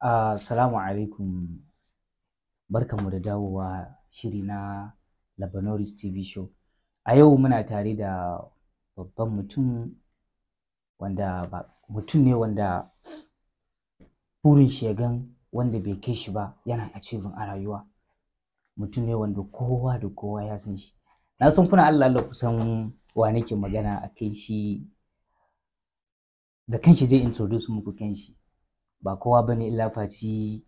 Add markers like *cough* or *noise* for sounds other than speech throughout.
Ah, Assalamu alaikum barkanmu da dawowa shiri na Labanoris TV show. A yau muna tare da babban mutum wanda ba, mutum ne wanda burin shi ya wanda bai kai shi ba yana achieving a rayuwa. Mutum ne wanda kowa da kowa ya san shi. Na san kuna Allah Allah kusan wa nake magana a kai shi da kanshi zai introduce muku kanshi. ba kowa bane illa faci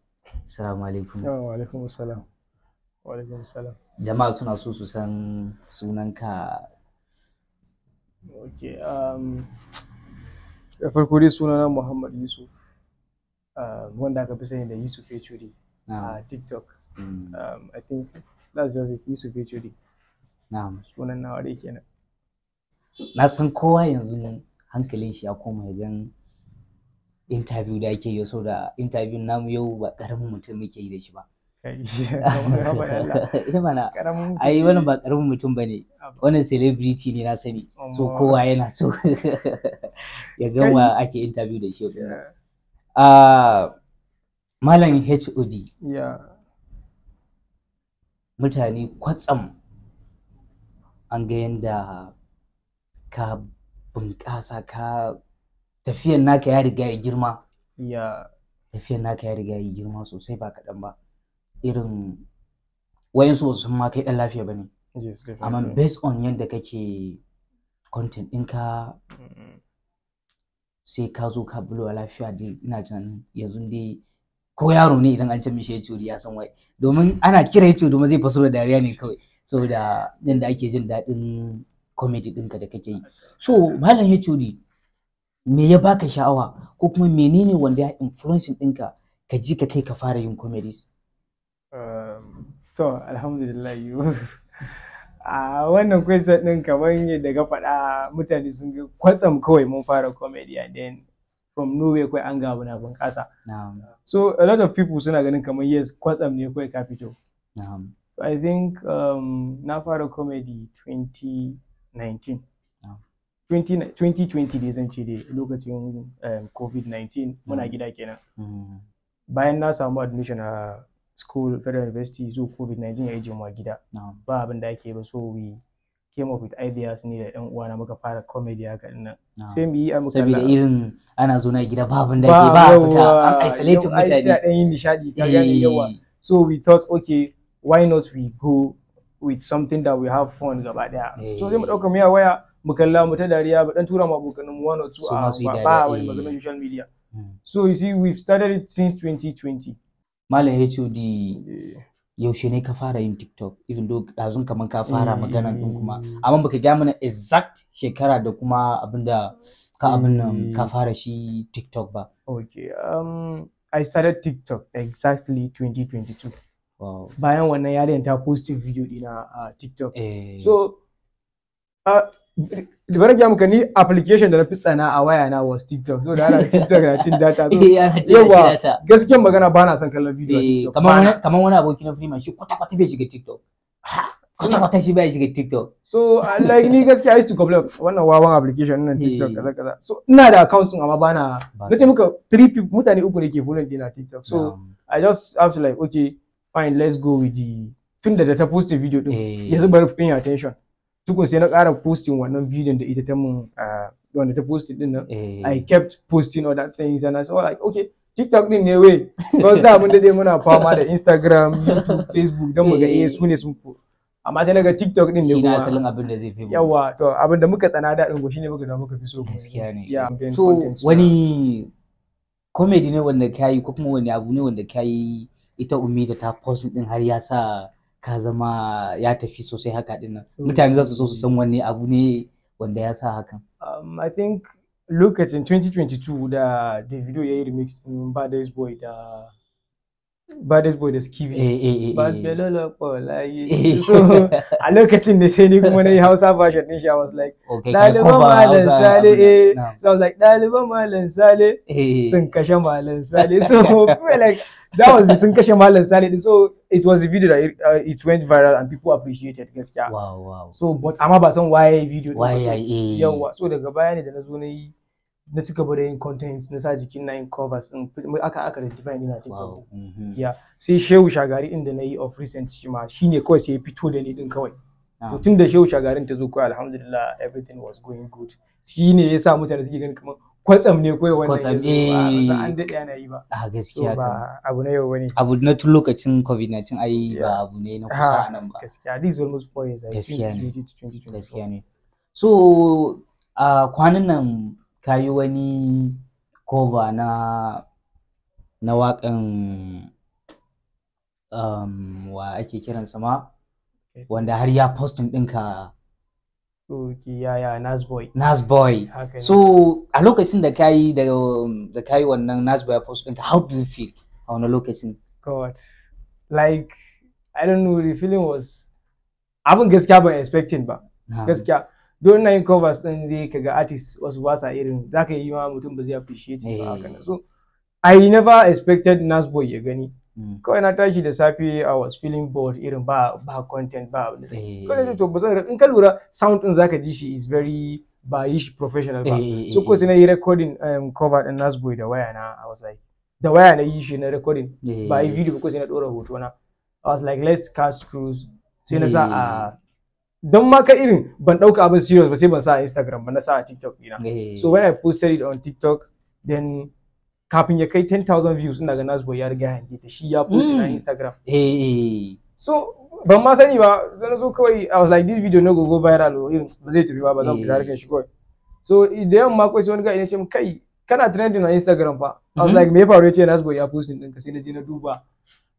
salamu alaikum wa alaikum assalam wa alaikum assalam jama'a suna so su san sunanka ok um da farko dai sunana Muhammad Yusuf um, wanda aka fi sani da Yusuf Echuri a TikTok hmm. um, I think that's just it Yusuf Echuri na'am sunan nawa dai kenan na san kowa yanzu hankalin shi ya koma ya gan interview da ake yi da interview namu yau ba karamin mutum muke yi da shi ba *laughs* eh mana ai wannan ba karamin mutum bane wannan celebrity ne na sani so kowa yana so *laughs* ya gama ake interview da shi ah, malam HOD mutane kwatsam an ga yanda ka bunƙasa ka tafiyan naka ya riga ya girma ya tafiyan naka ya riga ya girma sosai ba kaɗan ba irin wayansu wasu sun ma kai ɗan lafiya ba ne amma based on yadda kake content ɗinka sai ka zo ka a lafiya dai ina jin yanzu dai ko yaro ne idan an ce mishi ya curi ya san wai domin ana kira ya zai faso da dariya ne kawai saboda yadda ake jin daɗin comedy ɗinka da kake yi so malam ya me ya baka sha'awa ko kuma menene wanda ya influence ɗinka ka ji ka kai ka fara yin comedies um, to alhamdulillah *laughs* a wannan question ɗin kamar yadda ga faɗa mutane sun ga kwatsam kawai mun fara comedy and then from nowhere kawai an gabu na bunƙasa so a lot of people suna ganin kamar yes kwatsam ne kawai ka fito I think um, na fara comedy 2019 2020 dai zan ce dai lokacin eh, covid-19 muna hmm. gida kenan hmm. bayan na samu admission a school federal university zo covid-19 ya yi a gida ba abin da ake ba so we came up with ideas ne da yan uwana muka fara comedy haka nan sai mu yi amuka ah, saboda irin ana zo na gida ba abin da ke ba fita an isolate mutane sai yin nishadi ta gani eh. yawa so we thought okay why not we go with something that we have fun gaba daya so sai mu dauka eh. miya waya mu kalla mu ta dariya ba dan tura mu abokanan mu one or two a ba wani eh. maganar social media hmm. so you see we've started it since 2020 malam HOD eh. yaushe ne ka fara yin TikTok even though dazun kaman ka fara hmm. magana din kuma amma baka ga mana exact shekara da kuma abinda ka abin nan hmm. ka fara shi TikTok ba okay um I started TikTok exactly 2022 wow. bayan wannan yaren ta post video dina a TikTok eh. so uh, bari gya muka ni application da na fi tsana a waya na was TikTok so da ana TikTok na cin data so yawa gaskiyan magana ba na son kallon video eh, kamar wani kamar wani aboki na Freeman shi kwata kwata bai shiga TikTok kwata kwata shi bai shiga TikTok so like ni gaskiya I used to complain wannan wawan application na TikTok eh. kaza kaza so ina da accounts amma ba na nace muka three people mutane uku ne ke follow dina TikTok so I just have to like okay fine let's go with the tun da ta post video din eh. yanzu bari pay attention tukun sai na ƙara posting wannan video da ita ta mun wanda ta posting din nan eh. i kept posting all that things and i said like okay TikTok din ne we? because da mun dade muna fama da Instagram, YouTube, Facebook don mu ga eh, eh. su ne sun fito. Amma sai ga TikTok din ne kuma. Shi asalin abin da zai fi mu. Yawa to abin da muka tsana da din shine muka da muka fi so. Gaskiya ne. So wani comedy ne wanda kayi ko kuma wani abu ne wanda kayi ita Umi da ta post din har ya sa ka zama ya tafi sosai haka din nan hmm. mutane za su so su san wani abu ne wanda ya sa hakan um, i think lokacin 2022 da davido ya yi remix din bad boy da baddest boy da skibi eh, eh, eh, bad belolo kwalaye *laughs* so a lokacin da sai ni kuma na yi hausa fashion din shi i was like ɗaliban malam sale eh so i was like ɗaliban malam sale sun kashe malam sale so *laughs* like that was sun kashe malam sale so it was a video that it, uh, it went viral and people appreciated gaskiya wow wow so but amma ba san why video why yawa so daga baya ne da na zo na yi na ci gaba da yin contents na sa jikin na yin covers din aka aka da define ina take wow. Mm-hmm. ya sai shehu shagari inda na yi of recent shi ma shine kawai sai ya fito da ni din kawai mutum ah. da shehu shagarin ta zo kawai alhamdulillah everything was going good shine ya sa mutane suke ganin kamar kwatsam ne kawai wannan kwatsam ne an eh. daɗe ana yi ba a ah, gaskiya ba abu na yau bane abu na tun lokacin covid-19 ai ba abu ne na ah, kusa nan ba gaskiya this is almost four years i think gaskiya ne so kwanan nan ta yi wani cover na na waƙan um, wa ake kiransa ma wanda har ya posting ɗinka Oki Boy. Nasboy. Nasboy. So a lokacin da kayi da da kayi wannan Nasboy ya post ɗinka how do you feel a wannan lokacin? God. Like I don't know the feeling was abin gaskiya ban expecting ba. Gaskiya don ina covers din dai kaga artist wasu ba sa irin zaka yi ma mutum ba zai appreciate ba haka na eh. so i never expected nasboy ya gani hmm. kawai na tashi da safe i was feeling bored irin ba ba content ba da kawai eh. to ba zan in ka lura sound din zaka ji shi is very ba yi shi professional ba eh, so ko sai na yi recording um, cover din nasboy da waya na i was like da waya na yi shi na recording ba yi video ko sai na dora hoto na i was like let's cast cruise sai na sa a don ma ka irin ban ɗauka abin serious ba sai ban sa a Instagram ba na sa a TikTok ɗina. Eh. So when I posted it on TikTok then kafin ya kai 10,000 views ina ga Nasbo ya riga hange ta shi ya post na hmm. Instagram. Eh. So ban ma sani ba zan zo kawai I was like this video na go go viral o irin ba zai tafi ba ba zan fita harkar shi kawai. So da yamma kwai sai wani ga ina ce kai kana trending na Instagram fa. I was mm-hmm. like me ya faru ya ce Nasbo ya din ka sai na je na duba.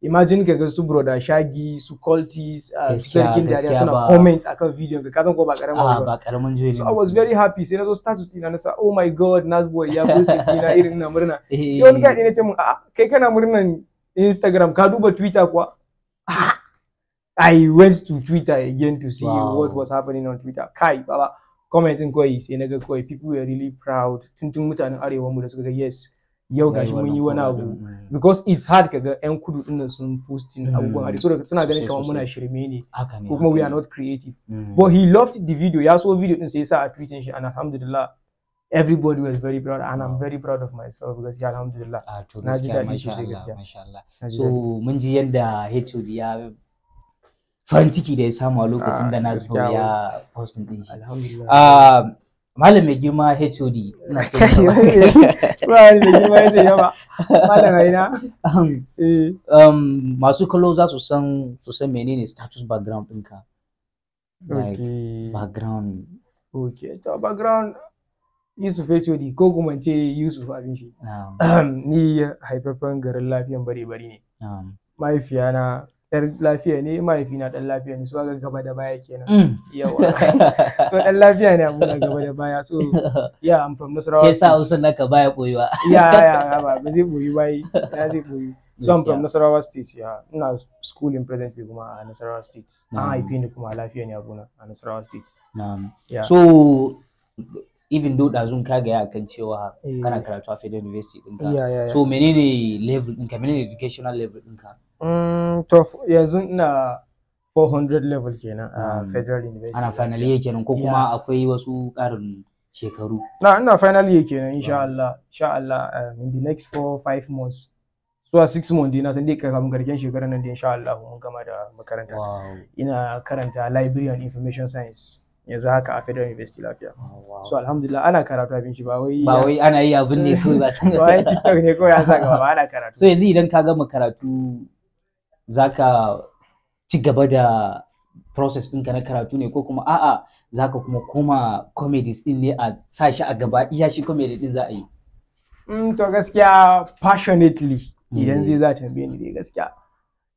imagine ka ga su broda shagi su cultis uh, su sarkin dariya suna comment kan video ka kazan ko ba karamin ah, ba karamin joyi so i was very happy sai na zo status ina na sa oh my god nasboy ya post ina *laughs* irin na murna eh. sai wani kaɗi na ce mun a'a kai kana murnan instagram ka duba twitter kuwa i went to twitter again to see wow. what was happening on twitter kai baba commenting kawai sai na ga kawai people were really proud tun tun mutanen arewa mu da suka ga yes yau gashi mun yi wani abu because it's hard kaga yan kudu din nan sun posting mm. abubuwan a so suna ganin kamar muna shirme ne ko kuma we are not creative mm. but he loved the video ya so video din sai ya sa a tweetin shi and alhamdulillah everybody was very proud and I'm very proud of myself gaskiya alhamdulillah ah, na ji daɗi sosai gaskiya so mun ji yadda HOD ya farin ciki da ya samu a lokacin ah, da na ya posting din shi malam mai girma HOD ina ce *laughs* *laughs* malam mai girma HOD yawa malam aina um, eh. um masu kallo za su san su san menene status background ɗinka like background Ok, to background Yusuf HOD ko kuma ce Yusuf abin shi um, ni haifafen garin lafiyan bare bare ne mahaifiyana yar lafiya ne na dan lafiya ne so ga gaba da baya kenan mm. yawa so *laughs* dan lafiya ne abu gaba da baya so ya am from Nasarawa sai sa usun naka baya boyuwa ya ya ba ba zai boyu bai ya zai boyu so am from Nasarawa state ya ina school in presently kuma a Nasarawa state an haife ne kuma lafiya ne abuna a Nasarawa state na'am so even though da zun kaga ya kan cewa eh. kana karatu a Federal University ɗinka so menene level ɗinka menene educational level ɗinka Mm, to yanzu ina 400 level kenan a mm. federal university ana final year kenan ko kuma akwai wasu karin shekaru na ina final year kenan insha Allah insha Allah um, in the next 4 5 months a six months dina san dai kafin karshen shekarun nan dai insha Allah mun gama da makaranta ina karanta library and information science yanzu haka a Federal University Lafiya oh, so alhamdulillah ana karatu abin shi ba wai ba wai ana yi abin ne kawai ba san *laughs* ba wai TikTok ne kawai ya sa ba ana karatu so yanzu idan ka gama karatu za ka ci gaba da process ɗinka na karatu ne ko kuma a'a za ka kuma koma comedies ɗin ne a sa shi a gaba iya shi comedy ɗin za a yi? Mm, to gaskiya passionately idan zai eh. za tambaye ni dai gaskiya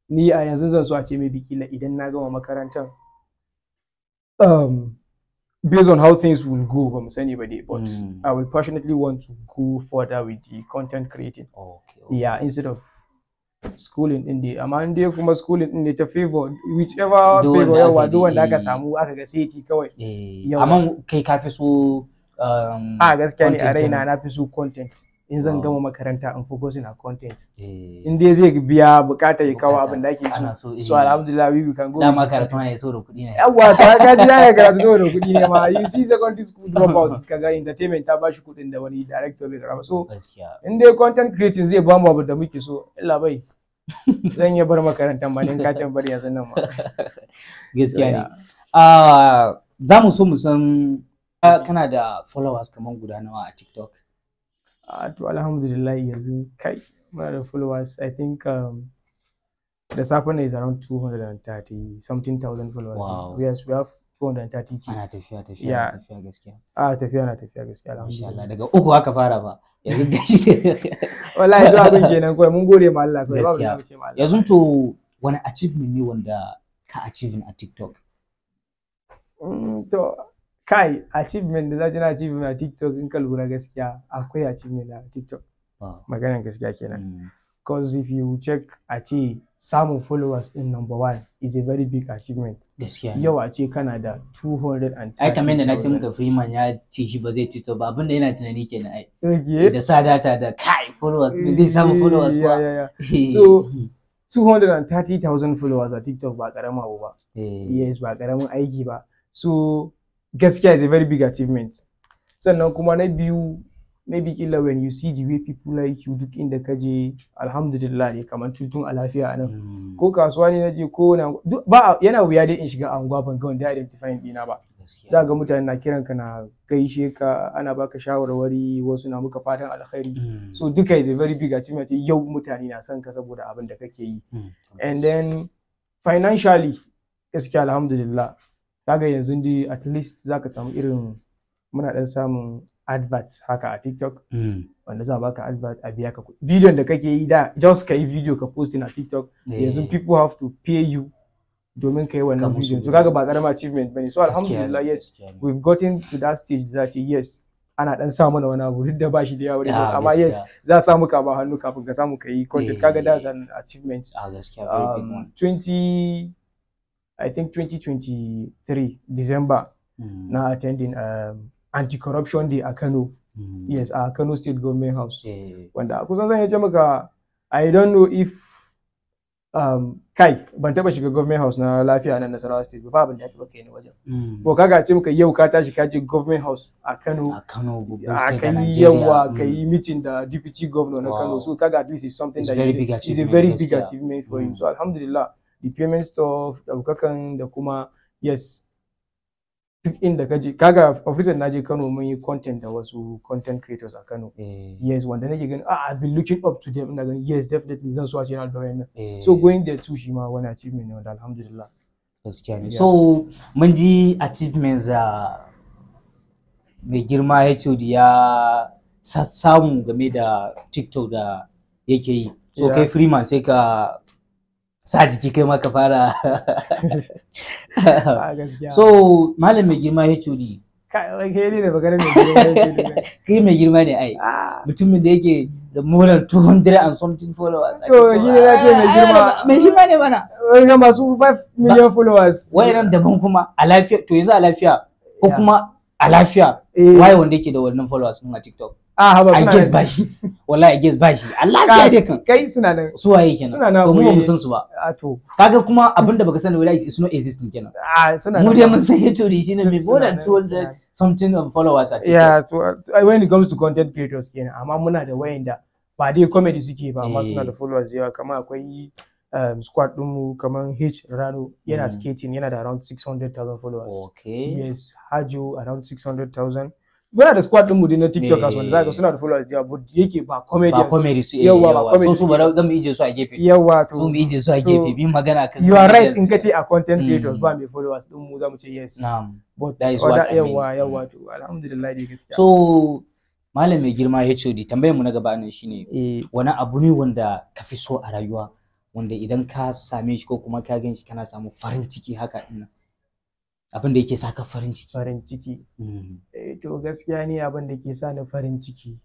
ni a yanzu zan so a ce mai la idan na gama makarantar um, based on how things will go ba mu sani ba dai but mm. I will passionately want to go further with the content creating okay, okay. yeah instead of schooling din dai amma in dai kuma schooling din ne ta favor whichever favor yawa duk wanda aka samu aka ga seti kawai eh, amma kai ka fi so um, a gaskiya ne a raina na fi so content in zan gama makaranta in focusing a content eh. in dai zai biya bukatar ya kawo abin da ake so eh. so alhamdulillah we can go dama karatu ne so da kudi ne yawa ta ka ji ya karatu so da kudi ne ma you see secondary school *laughs* dropouts kaga entertainment ta bashi kudin da wani director bai karaba so in dai content creating zai bamu abu da muke so illa bai *laughs* zan iya bar makarantan ba ne ka can bar yanzu nan ma *laughs* gaskiya ne ah, za mu so mu san kana da followers kamar guda nawa a TikTok to alhamdulillah yanzu kai muna da followers i think um, the ne is around 230 something thousand followers wow. yes we have 230 ana tafiya tafiya na tafiya gaskiya a tafiya na tafiya gaskiya alhamdulillah insha Allah daga uku aka fara ba yanzu gashi *laughs* *laughs* wallahi zuwa abin kenan kawai mun gode ma Allah kawai gaskiya yanzu to wani achievement ne wanda ka achieve a TikTok mm, to kai achievement da zaji na achievement a tiktok in ka lura gaskiya akwai achievement a tiktok maganar gaskiya kenan mm. cause if you check a ce samun followers din number one is a very big achievement gaskiya yau a ce kana da 230 ai kamar da na ce muka freeman ya ce shi ba zai tito ba abinda yana tunani kenan ai da sa data da kai followers zai samu followers ba *laughs* so 230,000 followers a tiktok ba karama ba eh. yes ba karamin aiki ba so gaskiya is a very big achievement sannan kuma na biyu biyu kila when you see the way people like you duk inda ka je alhamdulillah ne kamar tutun a lafiya nan hmm. ko kasuwa ne naje ko na ba yana wuya dai in shiga a anguwa ban ga wanda identifying dina ba za ga mutane na kiran ka na gaishe ka ana baka shawarwari wasu na muka fatan alkhairi hmm. so duka is a very big achievement yau mutane na son ka saboda abin da kake yi hmm. and then financially gaskiya alhamdulillah kaga yanzu dai at least zaka samu irin muna dan samun adverts haka a TikTok hmm. wanda za baka advert a biya ka kuɗi bidiyon da kake yi da just ka yi video ka post na TikTok eh. yanzu people have to pay you domin ka yi wannan bidiyon to kaga ba karama achievement bane so alhamdulillah yes we've gotten to that stage da ce yes ana dan samu na wani abu duk da bashi da yawa yeah, amma yes za samu ka ba hannu kafin ka samu ka yi content kaga eh. that's an achievement ah, a 20 I think 2023 December mm. na attending um, anti-corruption day a Kano. Mm. Yes, a Kano State Government House. Yeah. Wanda kusan zan yace maka I don't know if um, kai ban taba shiga government house na lafiya na Nasarawa State ba ban taba kai ne wajen. Hmm. Ko kaga ce maka yau ka tashi ka je government house a Kano. A Kano a Nigeria. Yawa hmm. ka yi meeting da deputy governor na Kano. So kaga at least is something it's that very is, is a very big achievement for him. Hmm. So alhamdulillah the stuff of ɗaukakan da kuma yes duk inda kaje kaga na naje Kano mun yi content da wasu content creators a Kano eh. yes wanda nake gani ah I've been looking up to them ina gani yes definitely zan so a ce na da wayannan so eh. going there too shi ma wani achievement ne wanda alhamdulillah gaskiya ne so mun ji achievements a mai girma ya ce ya samu game da TikTok da yake yi so kai Freeman sai ka sa jiki kai ma ka fara *laughs* so malam mai girma ya curi *laughs* kai mai girma ne ai ah. mutumin da yake da moral 200 and something followers to shi ne ya mai girma mai girma ne mana wani ga masu 5 million followers wai nan daban kuma a lafiya to yanzu a lafiya ko kuma a lafiya eh. waye wanda yake da wannan followers din a TikTok a guess ba shi wallahi a guess ba shi Allah ya dai kan kai suna nan su waye kenan suna nan mu mu san su ba a ah, to kaga kuma abinda baka sani wallahi is not existing kenan a ah, suna nan mu dai mun san HOD shine mai more than 200 something of um, followers a TikTok yeah so uh, when it comes to content creators kenan amma muna da wayanda ba dai comedy suke ba amma suna da eh. followers yawa kamar akwai um, squad ɗinmu kamar H Rano yana mm. skating yana da around 600,000 followers. Okay. Yes, Hajo around 600,000. muna da squad ɗinmu dai na tiktokers wanda zaka suna da followers da but yake ba comedy ba comedy su eh, yawa ba comedy su bara zan mu ije su a gefe yawa to mu ije su a gefe bi magana kan you are right in kace a content mm. creators ba mai followers din mu zamu ce yes na'am but that is what i mean yawa yawa mm. to alhamdulillah dai gaskiya so malam mai girma di tambayar mu na gaba nan shine eh. wani abu ne wanda ka fi so a rayuwa wanda idan ka same shi ko kuma ka gan shi kana samu farin ciki haka dinnan abin da yake sa ka farin ciki farin ciki hmm. eh to gaskiya ni abin da ke sa ni farin ciki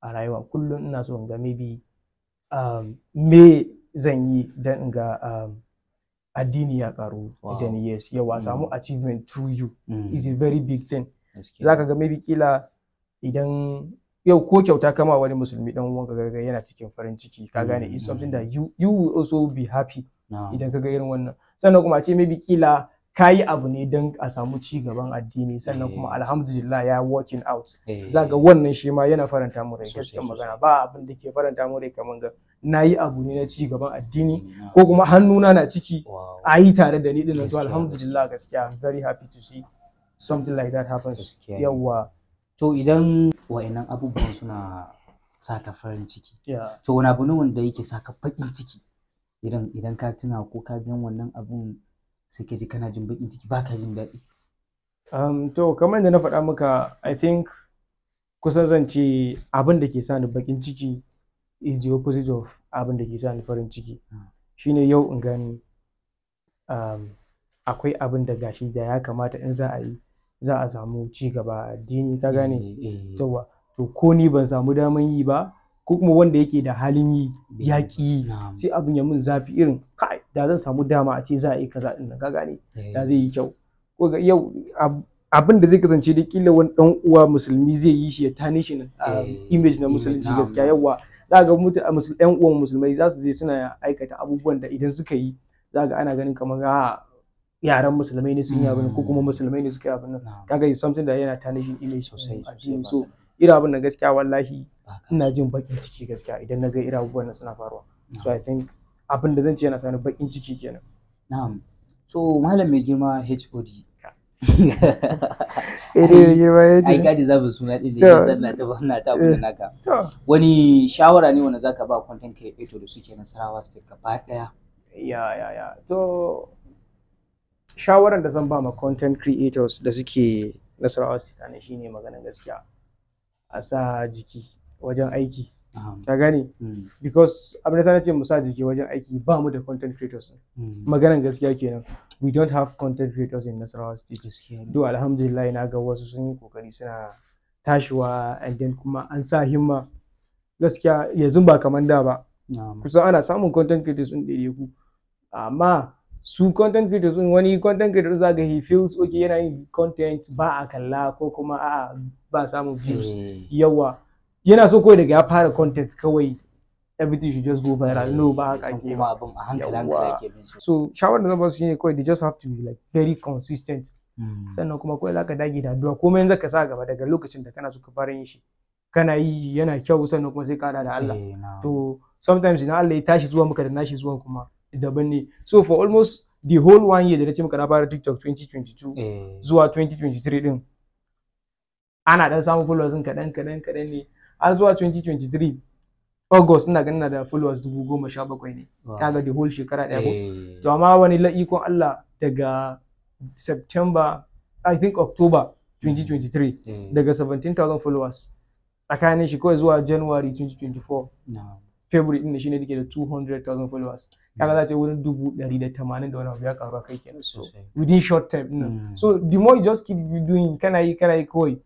a rayuwa kullum ina so in ga maybe um, me zan yi dan in ga um, addini ya karu idan yes yawa samu hmm. achievement through you hmm. is a very big thing zaka ga maybe kila idan yau ko kyauta kama wani musulmi dan uwanka ga yana cikin farin ciki ka gane is something that you you will also be happy idan ka ga irin wannan sannan kuma a ce maybe kila Kayi abu ne don a samu ci gaban addini sannan kuma eh. alhamdulillah ya working out eh. za ga wannan shi ma yana faranta mu rai gaskiyar magana ba abin da ke faranta mu rai kamar ga na abu ne na ci gaban addini mm-hmm. ko kuma hannuna na ciki a yi tare da ni din to alhamdulillah gaskiya very happy to see something like that happens yawa to idan wayannan abubuwan suna sa ka farin ciki to wani abu ne wanda yake sa ka ciki idan ka tuna ko ka gan wannan abun sai ka ji kana jin baƙin ciki baka jin daɗi um, to kamar da na faɗa maka i think kusan zan ce abin da ke sa ni baƙin ciki is the opposite of abin da ke sa ni farin ciki shine yau in gani um, akwai abin da gashi da ya kamata in za a yi za a samu ci gaba addini ka gane eh, eh, eh. to ko ni ban samu daman yi ba ko kuma wanda yake da halin yi yaƙi sai abin ya mun zafi irin kai da zan samu dama a ce za a yi kaza din nan ka gane eh. da zai yi kyau ko ga yau abin da zai kasance da kila wani dan uwa musulmi zai yi shi ya tani shi um, eh, image na musulunci gaskiya yawa za ga mutu a ɗan uwan musulmai za su je suna aikata abubuwan da idan suka yi za ga ana ganin kamar ga ah, yaran musulmai ne sun yi abin ko hmm. kuma musulmai ne suka yi abin nan kaga is something da yana tani shi image sosai so ira abin da gaskiya wallahi ina jin bakin ciki gaskiya idan na ga ira abubuwan suna faruwa so i think abin da zan ce yana sani bakin ciki kenan na'am so malam mai girma HOD *laughs* ai gadi zabin suna ɗin da yasa na taba na ta abu naka wani shawara ne wanda zaka ba content creator da suke nasarawa su gaba ɗaya. ya ya ya to shawaran da zan ba ma content creators da suke nasarawa su tana shine maganar gaskiya a sa jiki wajen aiki ka gane hmm. because abin da ce mu sa jiki wajen aiki ba mu da content creators hmm. maganan gaskiya kenan we don't have content creators in Nasarawa state do alhamdulillah na ga wasu sun yi kokari suna tashiwa and then kuma an sa himma gaskiya yanzu ba kamar da ba kusan ana samun content creators din ɗaiɗaiku amma su content creators in wani content creator za ga he feels okay yana yin content ba a kalla ko kuma a ba samun views hmm. yawa yana so kawai daga ya fara content kawai everything should just go viral no ba haka hmm. ke ba abin a hankali da ake bin so shawar da zan ba su shine kawai they just have to be like very consistent hmm. sannan kuma kawai zaka dage da addu'a komai yanzu ka sa gaba daga lokacin da kana so ka fara yin shi kana yi yana kyau sannan kuma sai ka da Allah eh, to sometimes ina Allah ya tashi zuwa maka da nashi zuwa kuma daban ne so for almost the whole one year da na ce maka na fara tiktok 2022 eh. zuwa 2023 din ana dan samun followers kaɗan kaɗan kaɗan ne har zuwa 2023 August ina ganin na da followers dubu goma sha bakwai ne. Kaga the whole shekara ɗaya ko. Eh. To amma wani la'ikon Allah daga September, I think October 2023 eh. daga 17,000 followers tsakanin shi kawai zuwa January 2024. February ɗin shi ne da 200,000 followers. kaga za a ce mm. wurin dubu ɗari da tamanin da wani abu ya karu kai kenan so within short time ɗin mm. so the more you just keep doing kana yi kana yi kawai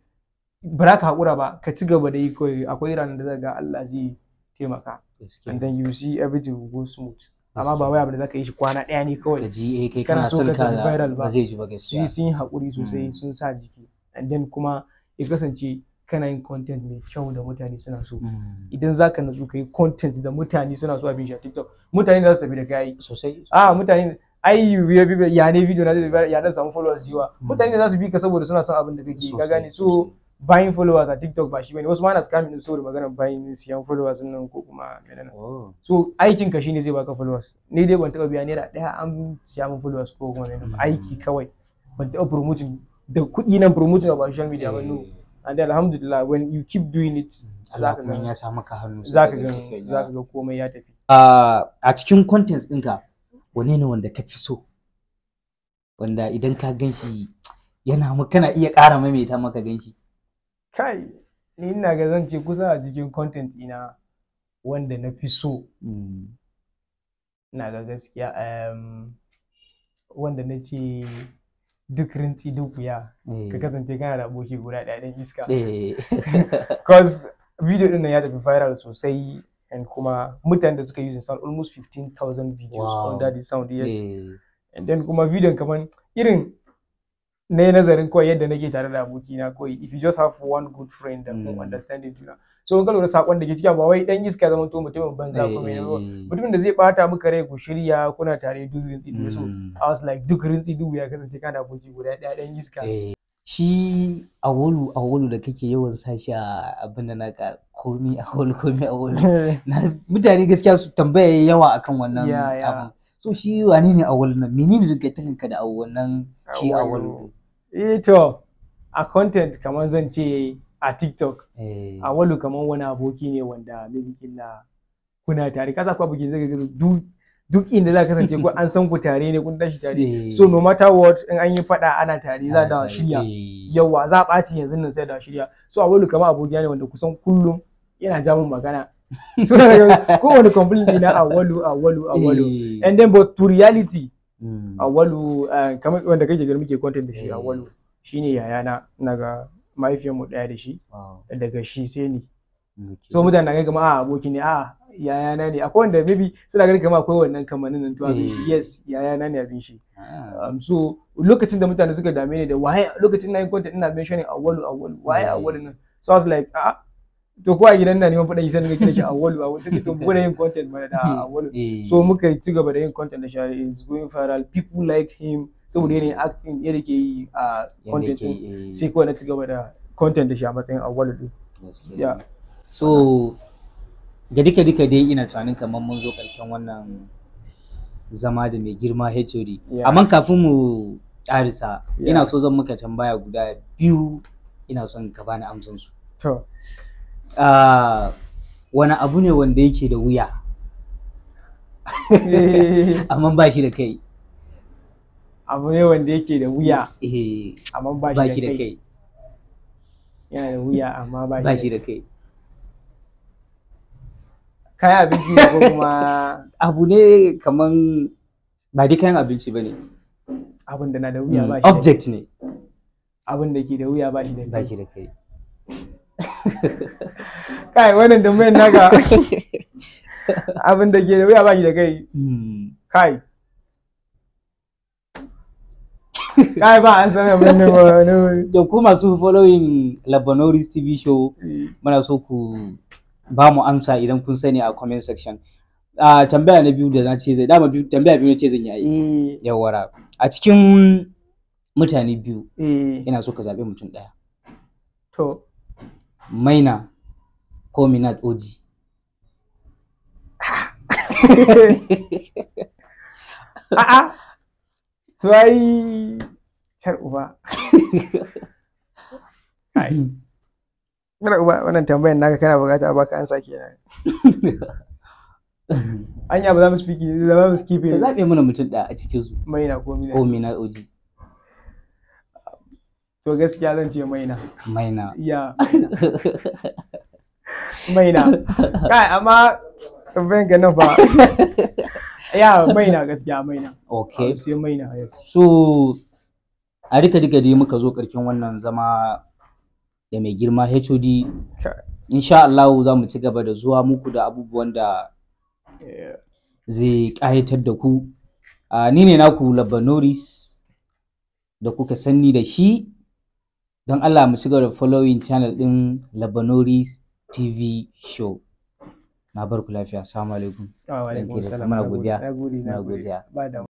ba za ka haƙura ba ka ci gaba da yi kawai akwai ranar da za ga Allah zai taimaka and then you see everything will go smooth amma ba wai abin da za ka yi shi kwana ɗaya ne kawai eh, kana so ka viral ba zai sun yi haƙuri sosai mm. sun sa jiki and then kuma ya kasance kana yin content mai kyau da mutane suna so hmm. idan za ka natsu ka yi content da mutane suna so abin shi a tiktok mutane za su tafi da kai sosai a ah, mutane ai ya ne video na zai ya dan samu followers yawa hmm. mutane za su bi ka saboda suna son abin da kake ka gane so buying followers a tiktok ba shi bane wasu ma na scamming din saboda magana buying siyan followers nan ko kuma menene oh. so aikin ka shine zai baka followers ni dai ban taba biya naira daya an siya min followers ko kuma menene hmm. aiki kawai ban taba promoting da kuɗi nan promoting a social media ba no eh. and alhamdulillah when you keep doing it mm-hmm. ya hannu ga komai ya tafi a cikin contents ɗinka wane ne wanda ka fi so wanda idan ka ganshi yana kana iya ƙara maimaita maka ganshi kai ni ina ga zan ce kusa a cikin content ina wanda na fi so mm. ina ga gaskiya wanda na ce duk rintsi duk wuya ka eh. kasance kana da aboki guda ɗaya ɗan iska eh. *laughs* cause video ɗin nan ya tafi viral sosai and kuma mutane da suka using sound almost 15,000 videos wow. under the sound yes eh. and then kuma video kaman irin na yi nazarin kawai yadda nake tare da aboki na kawai if you just have one good friend that mm. you juna so in ka lura sakon da ke cikin ba wai dan iska zama to mutumin banza ko mai ba eh, eh, eh. mutumin da zai bata muka rai ku shirya kuna tare duk rintsi duk so hmm. i was like duk rintsi duk ya kasance kana boki guda daya dan iska shi a a awolu da kake yawan sashi a abin da naka komi awolu komi awolu *laughs* mutane gaskiya su tambaya yawa akan wannan abu so shi wani ne a awolu nan menene dangantakan ka da wannan nan a awolu eh to a content kamar zan ce a tiktok eh. awalu kaman wani aboki ne wanda maybe kila kuna tare kasa kwa bugi zai duk duk inda za kasance ko an san ku tare ne kun tashi tare eh. so no matter what in an yi fada ana tare za da shirya eh. yawa za a ɓaci yanzu nan sai da shirya so awalu kaman aboki ne wanda kusan kullum yana mun magana *laughs* so wani complaint na awalu awalu awalu and then but to reality hmm. awalu kamar wanda kake gani muke content da shi awalu shine yayana naga mu ɗaya da shi ah. daga shi sai ni so mutane na gama a ah, aboki ne a ah, yayana ne akwai wanda maybe suna ganin kama akwai wannan kamannin nan to abin shi eh. yes yayana ne abin shi um, so lokacin da mutane suka dame ni da waye lokacin na yin kwanta ina mentioning awwalu awwalu waye eh. awwalu nan so i was like a to ko gidan na neman faɗa sai daga kira shi awwalu awwalu sai to muna yin content mana da awwalu *laughs* eh. so muka ci gaba da yin content da shi is going viral people like him saboda yanayin acting yadda ke yi a content sai kawai na ci gaba da content da shi a matsayin awwalu Ya. so ga duka duka dai ina tunanin kamar mun zo karshen wannan zama da mai girma HOD amma kafin mu ƙarisa ina so zan muka tambaya guda biyu ina son ka bani amsan su ah, wani abu ne wanda yake da wuya eh. *laughs* amma ba shi da kai abu ne wanda yake da wuya eh, amma ba shi da kai yana da wuya amma ba shi da kai kayan abinci ne ko kuma *laughs* abu ne kaman ba dai kayan abinci ba ne abin da na da wuya ba shi hmm, object ne abin da ke da wuya ba shi da kai ba shi da kai *laughs* kai wannan da mayan naga *laughs* abin da ke da wuya ba shi da kai hmm. kai kai ba an da ba ne da *laughs* ku masu following Labanoris TV show eh. muna so ku ba mu amsa idan kun sani a comment section a tambaya na biyu da na ce zai dama biyu tambaya biyu na ce zan yi eh. yawara a cikin mutane biyu eh. ina so ka zaɓi mutum ɗaya to maina ko minat oji *laughs* a'a Tu ai Char uba *laughs* ai mara uba wannan tambayar naka kana bukata a baka an sake na. anya ba za mu speak ne, za mu skip ne zabe mana mutum da a cikin su Mai na ko mina ko mina oji to gaskiya zan ce maina maina ya maina *laughs* kai amma tambayan ga nan fa *laughs* ya maina gaskiya maina okay sai maina yes so a rika rika dai muka zo karshen wannan zama da mai girma HOD insha Allah za mu ci gaba da zuwa muku da abubuwan da zai kayatar da ku ni ne naku Labanoris da kuka sani da shi don Allah mu ci gaba da following channel din Labanoris TV show na barku lafiya assalamu alaikum wa alaikum assalam muna godiya